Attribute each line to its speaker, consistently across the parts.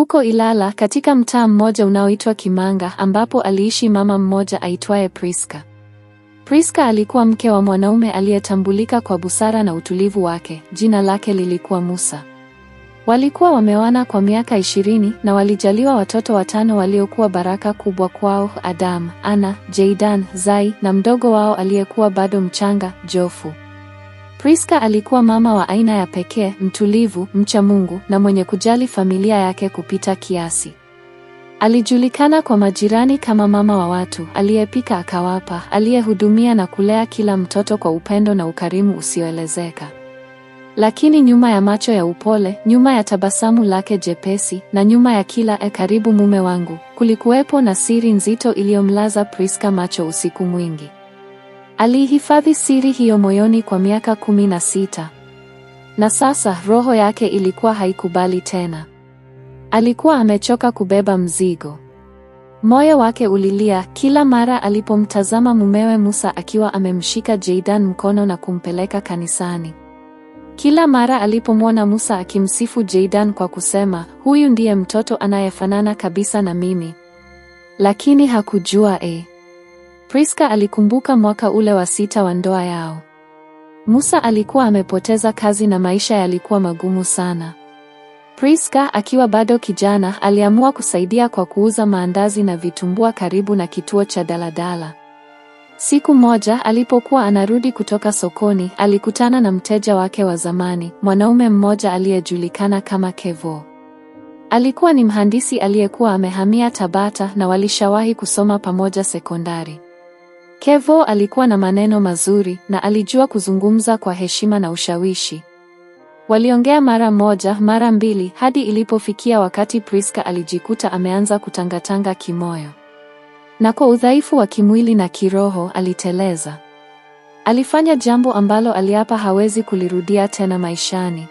Speaker 1: Huko Ilala katika mtaa mmoja unaoitwa Kimanga ambapo aliishi mama mmoja aitwaye Priska. Priska alikuwa mke wa mwanaume aliyetambulika kwa busara na utulivu wake, jina lake lilikuwa Musa. Walikuwa wamewana kwa miaka ishirini na walijaliwa watoto watano waliokuwa baraka kubwa kwao, Adam, Ana, Jeidan, Zai na mdogo wao aliyekuwa bado mchanga, Jofu. Priska alikuwa mama wa aina ya pekee, mtulivu, mcha Mungu na mwenye kujali familia yake kupita kiasi. Alijulikana kwa majirani kama mama wa watu, aliyepika akawapa, aliyehudumia na kulea kila mtoto kwa upendo na ukarimu usioelezeka. Lakini nyuma ya macho ya upole, nyuma ya tabasamu lake jepesi na nyuma ya kila e, karibu mume wangu, kulikuwepo na siri nzito iliyomlaza Priska macho usiku mwingi. Alihifadhi siri hiyo moyoni kwa miaka kumi na sita, na sasa roho yake ilikuwa haikubali tena. Alikuwa amechoka kubeba mzigo. Moyo wake ulilia kila mara alipomtazama mumewe Musa akiwa amemshika Jeidan mkono na kumpeleka kanisani. Kila mara alipomwona Musa akimsifu Jeidan kwa kusema, huyu ndiye mtoto anayefanana kabisa na mimi. Lakini hakujua eh. Priska alikumbuka mwaka ule wa sita wa ndoa yao. Musa alikuwa amepoteza kazi na maisha yalikuwa magumu sana. Priska akiwa bado kijana aliamua kusaidia kwa kuuza maandazi na vitumbua karibu na kituo cha daladala. Siku moja alipokuwa anarudi kutoka sokoni, alikutana na mteja wake wa zamani, mwanaume mmoja aliyejulikana kama Kevo. Alikuwa ni mhandisi aliyekuwa amehamia Tabata na walishawahi kusoma pamoja sekondari. Kevo alikuwa na maneno mazuri na alijua kuzungumza kwa heshima na ushawishi. Waliongea mara moja, mara mbili hadi ilipofikia wakati Priska alijikuta ameanza kutangatanga kimoyo. Na kwa udhaifu wa kimwili na kiroho aliteleza. Alifanya jambo ambalo aliapa hawezi kulirudia tena maishani.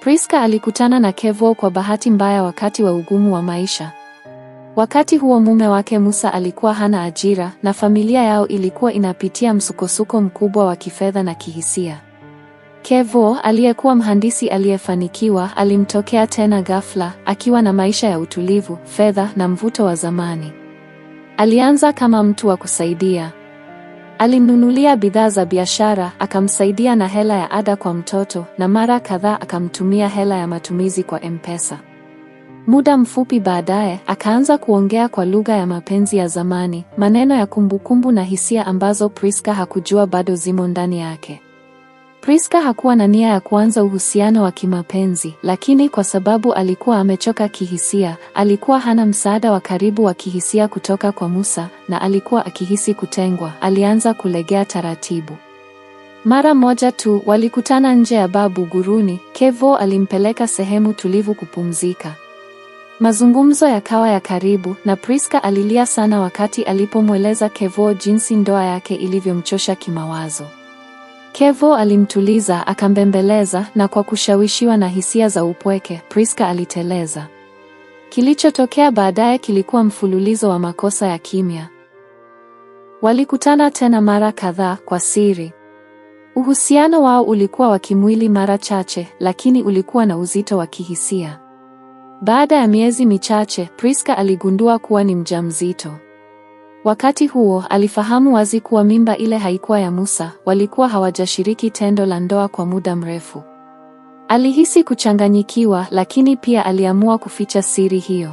Speaker 1: Priska alikutana na Kevo kwa bahati mbaya wakati wa ugumu wa maisha. Wakati huo mume wake Musa alikuwa hana ajira na familia yao ilikuwa inapitia msukosuko mkubwa wa kifedha na kihisia. Kevo aliyekuwa mhandisi aliyefanikiwa alimtokea tena ghafla akiwa na maisha ya utulivu, fedha na mvuto wa zamani. Alianza kama mtu wa kusaidia. Alimnunulia bidhaa za biashara, akamsaidia na hela ya ada kwa mtoto na mara kadhaa akamtumia hela ya matumizi kwa M-Pesa. Muda mfupi baadaye akaanza kuongea kwa lugha ya mapenzi ya zamani, maneno ya kumbukumbu na hisia ambazo Priska hakujua bado zimo ndani yake. Priska hakuwa na nia ya kuanza uhusiano wa kimapenzi, lakini kwa sababu alikuwa amechoka kihisia, alikuwa hana msaada wa karibu wa kihisia kutoka kwa Musa na alikuwa akihisi kutengwa, alianza kulegea taratibu. Mara moja tu walikutana nje ya baa Buguruni, Kevo alimpeleka sehemu tulivu kupumzika. Mazungumzo yakawa ya karibu na Priska alilia sana wakati alipomweleza Kevo jinsi ndoa yake ilivyomchosha kimawazo. Kevo alimtuliza, akambembeleza na kwa kushawishiwa na hisia za upweke, Priska aliteleza. Kilichotokea baadaye kilikuwa mfululizo wa makosa ya kimya. Walikutana tena mara kadhaa kwa siri. Uhusiano wao ulikuwa wa kimwili mara chache, lakini ulikuwa na uzito wa kihisia. Baada ya miezi michache, Priska aligundua kuwa ni mjamzito. Wakati huo alifahamu wazi kuwa mimba ile haikuwa ya Musa, walikuwa hawajashiriki tendo la ndoa kwa muda mrefu. Alihisi kuchanganyikiwa, lakini pia aliamua kuficha siri hiyo.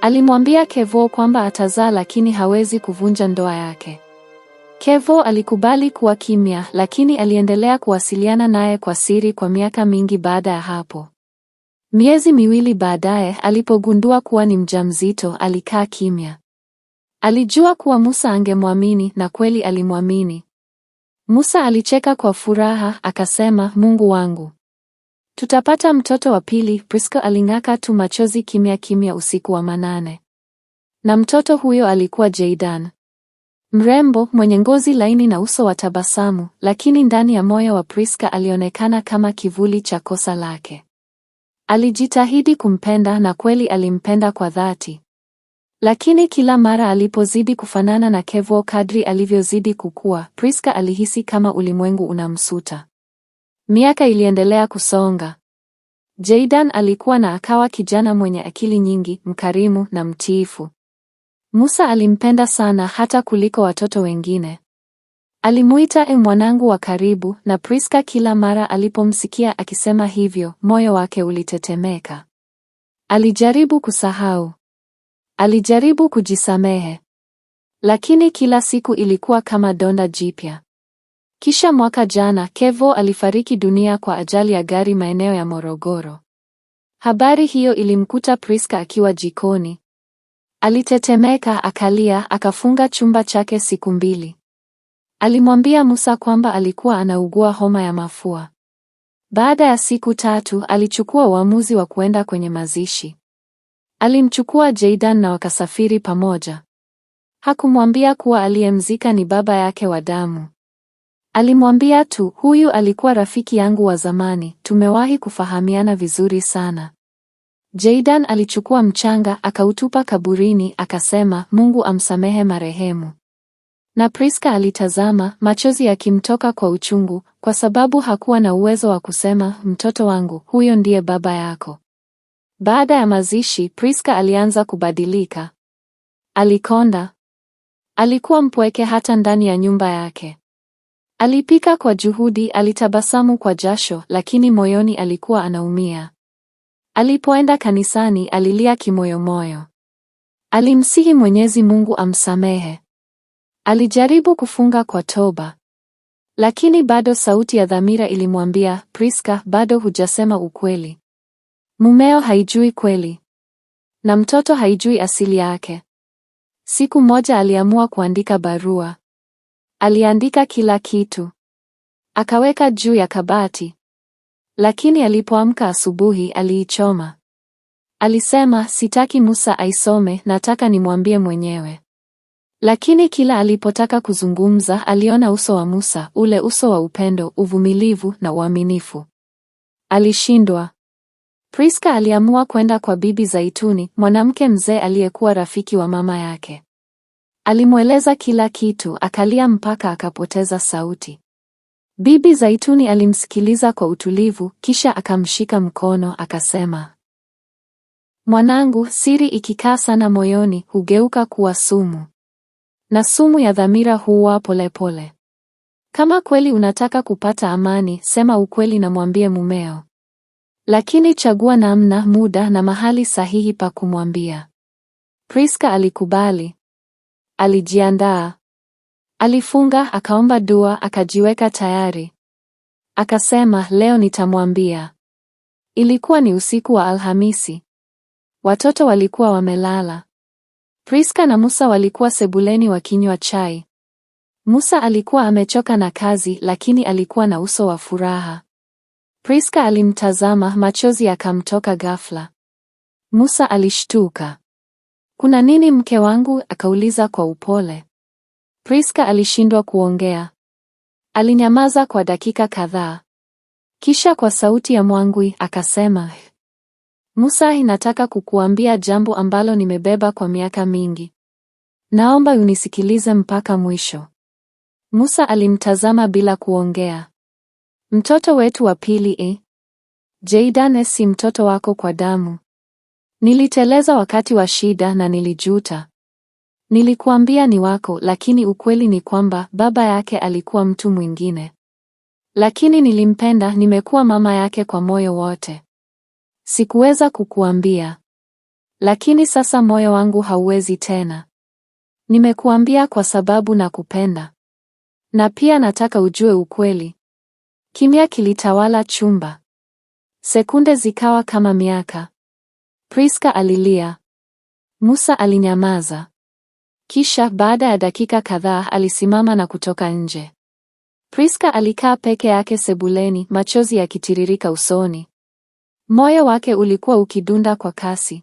Speaker 1: Alimwambia Kevo kwamba atazaa, lakini hawezi kuvunja ndoa yake. Kevo alikubali kuwa kimya, lakini aliendelea kuwasiliana naye kwa siri kwa miaka mingi baada ya hapo. Miezi miwili baadaye, alipogundua kuwa ni mjamzito, alikaa kimya. Alijua kuwa Musa angemwamini na kweli alimwamini. Musa alicheka kwa furaha akasema, Mungu wangu, tutapata mtoto wa pili. Priska aling'aka tu machozi kimya kimya usiku wa manane. Na mtoto huyo alikuwa Jaydan, mrembo mwenye ngozi laini na uso wa tabasamu, lakini ndani ya moyo wa Priska alionekana kama kivuli cha kosa lake. Alijitahidi kumpenda na kweli alimpenda kwa dhati. Lakini kila mara alipozidi kufanana na Kevo kadri alivyozidi kukua, Priska alihisi kama ulimwengu unamsuta. Miaka iliendelea kusonga. Jaydan alikuwa na akawa kijana mwenye akili nyingi, mkarimu na mtiifu. Musa alimpenda sana hata kuliko watoto wengine. Alimuita e mwanangu wa karibu, na Priska kila mara alipomsikia akisema hivyo, moyo wake ulitetemeka. Alijaribu kusahau. Alijaribu kujisamehe. Lakini kila siku ilikuwa kama donda jipya. Kisha mwaka jana, Kevo alifariki dunia kwa ajali ya gari maeneo ya Morogoro. Habari hiyo ilimkuta Priska akiwa jikoni. Alitetemeka, akalia, akafunga chumba chake siku mbili. Alimwambia Musa kwamba alikuwa anaugua homa ya mafua. Baada ya siku tatu, alichukua uamuzi wa kuenda kwenye mazishi. Alimchukua Jaydan na wakasafiri pamoja. Hakumwambia kuwa aliyemzika ni baba yake wa damu. Alimwambia tu, huyu alikuwa rafiki yangu wa zamani, tumewahi kufahamiana vizuri sana. Jaydan alichukua mchanga akautupa kaburini, akasema Mungu amsamehe marehemu. Na Priska alitazama, machozi yakimtoka kwa uchungu, kwa sababu hakuwa na uwezo wa kusema, mtoto wangu, huyo ndiye baba yako. Baada ya mazishi, Priska alianza kubadilika. Alikonda. Alikuwa mpweke hata ndani ya nyumba yake. Alipika kwa juhudi, alitabasamu kwa jasho, lakini moyoni alikuwa anaumia. Alipoenda kanisani, alilia kimoyomoyo. Alimsihi Mwenyezi Mungu amsamehe. Alijaribu kufunga kwa toba, lakini bado sauti ya dhamira ilimwambia, Priska, bado hujasema ukweli. Mumeo haijui kweli na mtoto haijui asili yake. Siku moja aliamua kuandika barua. Aliandika kila kitu, akaweka juu ya kabati, lakini alipoamka asubuhi aliichoma. Alisema, sitaki Musa aisome, nataka nimwambie mwenyewe. Lakini kila alipotaka kuzungumza, aliona uso wa Musa, ule uso wa upendo, uvumilivu na uaminifu. Alishindwa. Priska aliamua kwenda kwa Bibi Zaituni, mwanamke mzee aliyekuwa rafiki wa mama yake. Alimweleza kila kitu, akalia mpaka akapoteza sauti. Bibi Zaituni alimsikiliza kwa utulivu, kisha akamshika mkono akasema, Mwanangu, siri ikikaa sana moyoni hugeuka kuwa sumu na sumu ya dhamira huua polepole. Kama kweli unataka kupata amani, sema ukweli na mwambie mumeo, lakini chagua namna, muda na mahali sahihi pa kumwambia. Priska alikubali, alijiandaa, alifunga, akaomba dua, akajiweka tayari. Akasema, leo nitamwambia. Ilikuwa ni usiku wa Alhamisi, watoto walikuwa wamelala. Priska na Musa walikuwa sebuleni wakinywa chai. Musa alikuwa amechoka na kazi, lakini alikuwa na uso wa furaha. Priska alimtazama, machozi yakamtoka ghafla. Musa alishtuka. Kuna nini mke wangu? akauliza kwa upole. Priska alishindwa kuongea. Alinyamaza kwa dakika kadhaa, kisha kwa sauti ya mwangwi akasema, Musa, inataka kukuambia jambo ambalo nimebeba kwa miaka mingi. Naomba unisikilize mpaka mwisho. Musa alimtazama bila kuongea. Mtoto wetu wa pili eh? Jeidan eh, si mtoto wako kwa damu. Niliteleza wakati wa shida na nilijuta. Nilikuambia ni wako, lakini ukweli ni kwamba baba yake alikuwa mtu mwingine. Lakini nilimpenda, nimekuwa mama yake kwa moyo wote. Sikuweza kukuambia, lakini sasa moyo wangu hauwezi tena. Nimekuambia kwa sababu nakupenda, na pia nataka ujue ukweli. Kimya kilitawala chumba, sekunde zikawa kama miaka. Priska alilia, Musa alinyamaza. Kisha baada ya dakika kadhaa alisimama na kutoka nje. Priska alikaa peke yake sebuleni, machozi yakitiririka usoni. Moyo wake ulikuwa ukidunda kwa kasi.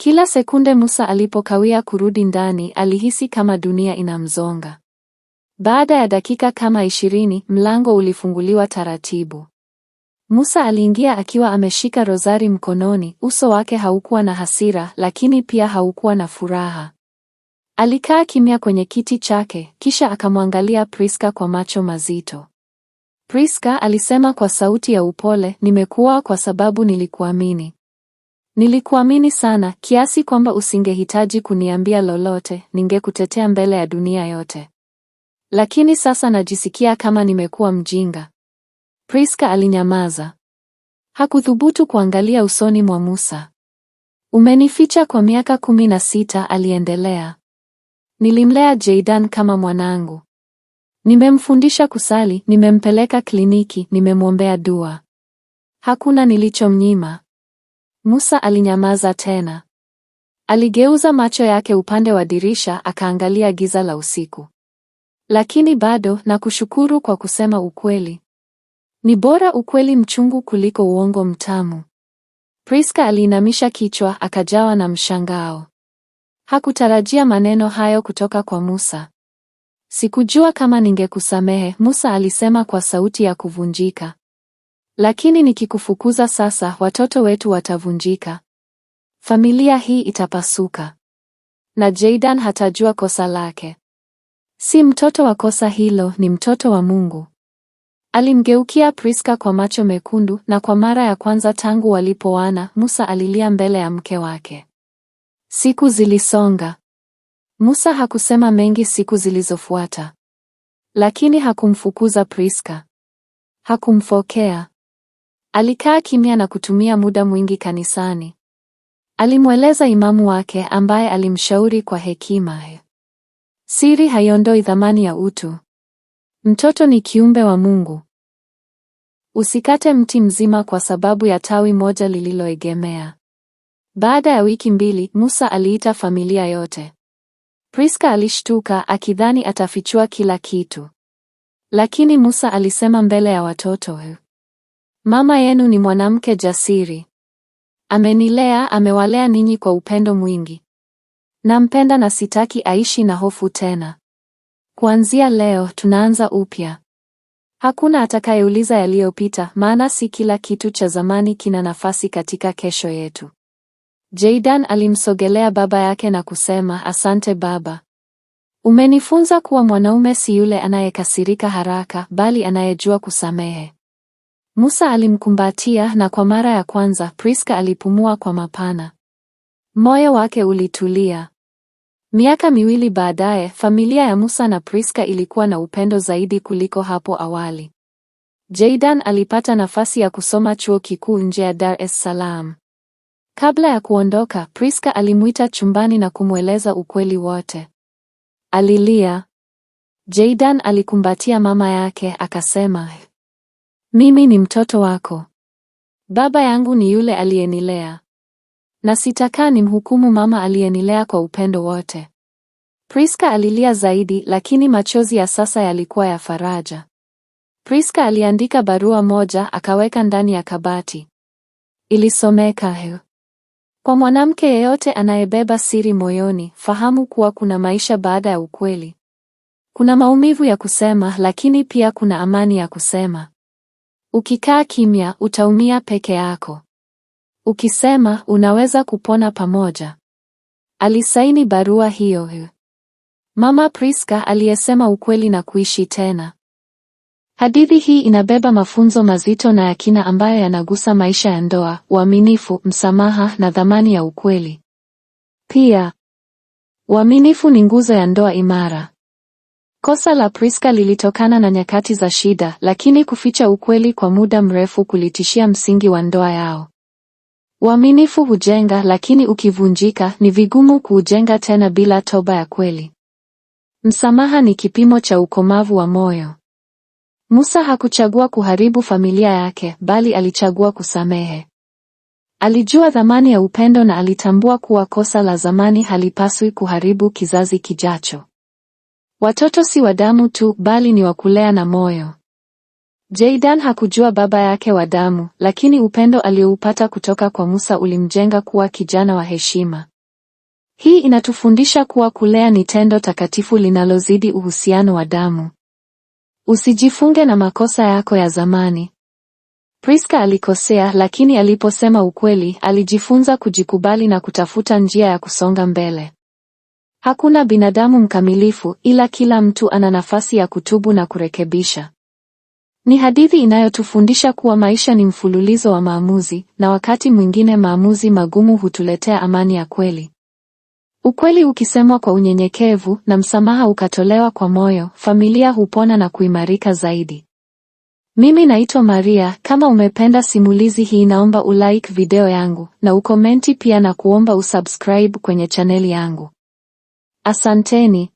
Speaker 1: Kila sekunde Musa alipokawia kurudi ndani, alihisi kama dunia inamzonga. Baada ya dakika kama ishirini, mlango ulifunguliwa taratibu. Musa aliingia akiwa ameshika rozari mkononi. Uso wake haukuwa na hasira, lakini pia haukuwa na furaha. Alikaa kimya kwenye kiti chake, kisha akamwangalia Priska kwa macho mazito. Priska alisema kwa sauti ya upole, nimekuwa kwa sababu nilikuamini. Nilikuamini sana kiasi kwamba usingehitaji kuniambia lolote, ningekutetea mbele ya dunia yote. Lakini sasa najisikia kama nimekuwa mjinga. Priska alinyamaza. Hakuthubutu kuangalia usoni mwa Musa. Umenificha kwa miaka kumi na sita, aliendelea. Nilimlea Jaydan kama mwanangu. Nimemfundisha kusali, nimempeleka kliniki, nimemwombea dua. Hakuna nilichomnyima. Musa alinyamaza tena. Aligeuza macho yake upande wa dirisha akaangalia giza la usiku. Lakini bado nakushukuru kwa kusema ukweli. Ni bora ukweli mchungu kuliko uongo mtamu. Priska aliinamisha kichwa akajawa na mshangao. Hakutarajia maneno hayo kutoka kwa Musa. Sikujua kama ningekusamehe, Musa alisema kwa sauti ya kuvunjika. Lakini nikikufukuza sasa, watoto wetu watavunjika. Familia hii itapasuka. Na Jaydan hatajua kosa lake. Si mtoto wa kosa hilo, ni mtoto wa Mungu. Alimgeukia Priska kwa macho mekundu na kwa mara ya kwanza tangu walipoana, Musa alilia mbele ya mke wake. Siku zilisonga. Musa hakusema mengi siku zilizofuata, lakini hakumfukuza Priska, hakumfokea. Alikaa kimya na kutumia muda mwingi kanisani. Alimweleza imamu wake ambaye alimshauri kwa hekima, siri haiondoi thamani ya utu. Mtoto ni kiumbe wa Mungu. Usikate mti mzima kwa sababu ya tawi moja lililoegemea. Baada ya wiki mbili, Musa aliita familia yote. Priska alishtuka akidhani atafichua kila kitu, lakini Musa alisema mbele ya watoto, mama yenu ni mwanamke jasiri, amenilea, amewalea ninyi kwa upendo mwingi. Nampenda na sitaki aishi na hofu tena. Kuanzia leo tunaanza upya. Hakuna atakayeuliza yaliyopita, maana si kila kitu cha zamani kina nafasi katika kesho yetu. Jaydan alimsogelea baba yake na kusema, asante baba, umenifunza kuwa mwanaume si yule anayekasirika haraka, bali anayejua kusamehe. Musa alimkumbatia na kwa mara ya kwanza Priska alipumua kwa mapana. Moyo wake ulitulia. Miaka miwili baadaye, familia ya Musa na Priska ilikuwa na upendo zaidi kuliko hapo awali. Jaydan alipata nafasi ya kusoma chuo kikuu nje ya Dar es Salaam. Kabla ya kuondoka, Priska alimuita chumbani na kumweleza ukweli wote. Alilia. Jaydan alikumbatia mama yake akasema, mimi ni mtoto wako. Baba yangu ni yule aliyenilea, na sitakaa nimhukumu mama aliyenilea kwa upendo wote. Priska alilia zaidi, lakini machozi ya sasa yalikuwa ya faraja. Priska aliandika barua moja akaweka ndani ya kabati. Ilisomeka, kwa mwanamke yeyote anayebeba siri moyoni, fahamu kuwa kuna maisha baada ya ukweli. Kuna maumivu ya kusema, lakini pia kuna amani ya kusema. Ukikaa kimya, utaumia peke yako. Ukisema, unaweza kupona pamoja. Alisaini barua hiyo. Mama Priska aliyesema ukweli na kuishi tena. Hadithi hii inabeba mafunzo mazito na ya kina ambayo yanagusa maisha ya ndoa, uaminifu, msamaha na dhamani ya ukweli. Pia, uaminifu ni nguzo ya ndoa imara. Kosa la Priska lilitokana na nyakati za shida, lakini kuficha ukweli kwa muda mrefu kulitishia msingi wa ndoa yao. Uaminifu hujenga, lakini ukivunjika ni vigumu kuujenga tena bila toba ya kweli. Msamaha ni kipimo cha ukomavu wa moyo. Musa hakuchagua kuharibu familia yake, bali alichagua kusamehe. Alijua thamani ya upendo na alitambua kuwa kosa la zamani halipaswi kuharibu kizazi kijacho. Watoto si wa damu tu, bali ni wa kulea na moyo. Jaydan hakujua baba yake wa damu, lakini upendo alioupata kutoka kwa Musa ulimjenga kuwa kijana wa heshima. Hii inatufundisha kuwa kulea ni tendo takatifu linalozidi uhusiano wa damu. Usijifunge na makosa yako ya zamani. Priska alikosea, lakini aliposema ukweli, alijifunza kujikubali na kutafuta njia ya kusonga mbele. Hakuna binadamu mkamilifu, ila kila mtu ana nafasi ya kutubu na kurekebisha. Ni hadithi inayotufundisha kuwa maisha ni mfululizo wa maamuzi, na wakati mwingine maamuzi magumu hutuletea amani ya kweli. Ukweli ukisemwa kwa unyenyekevu na msamaha ukatolewa kwa moyo, familia hupona na kuimarika zaidi. Mimi naitwa Maria. Kama umependa simulizi hii, naomba ulike video yangu na ukomenti pia, na kuomba usubscribe kwenye chaneli yangu. Asanteni.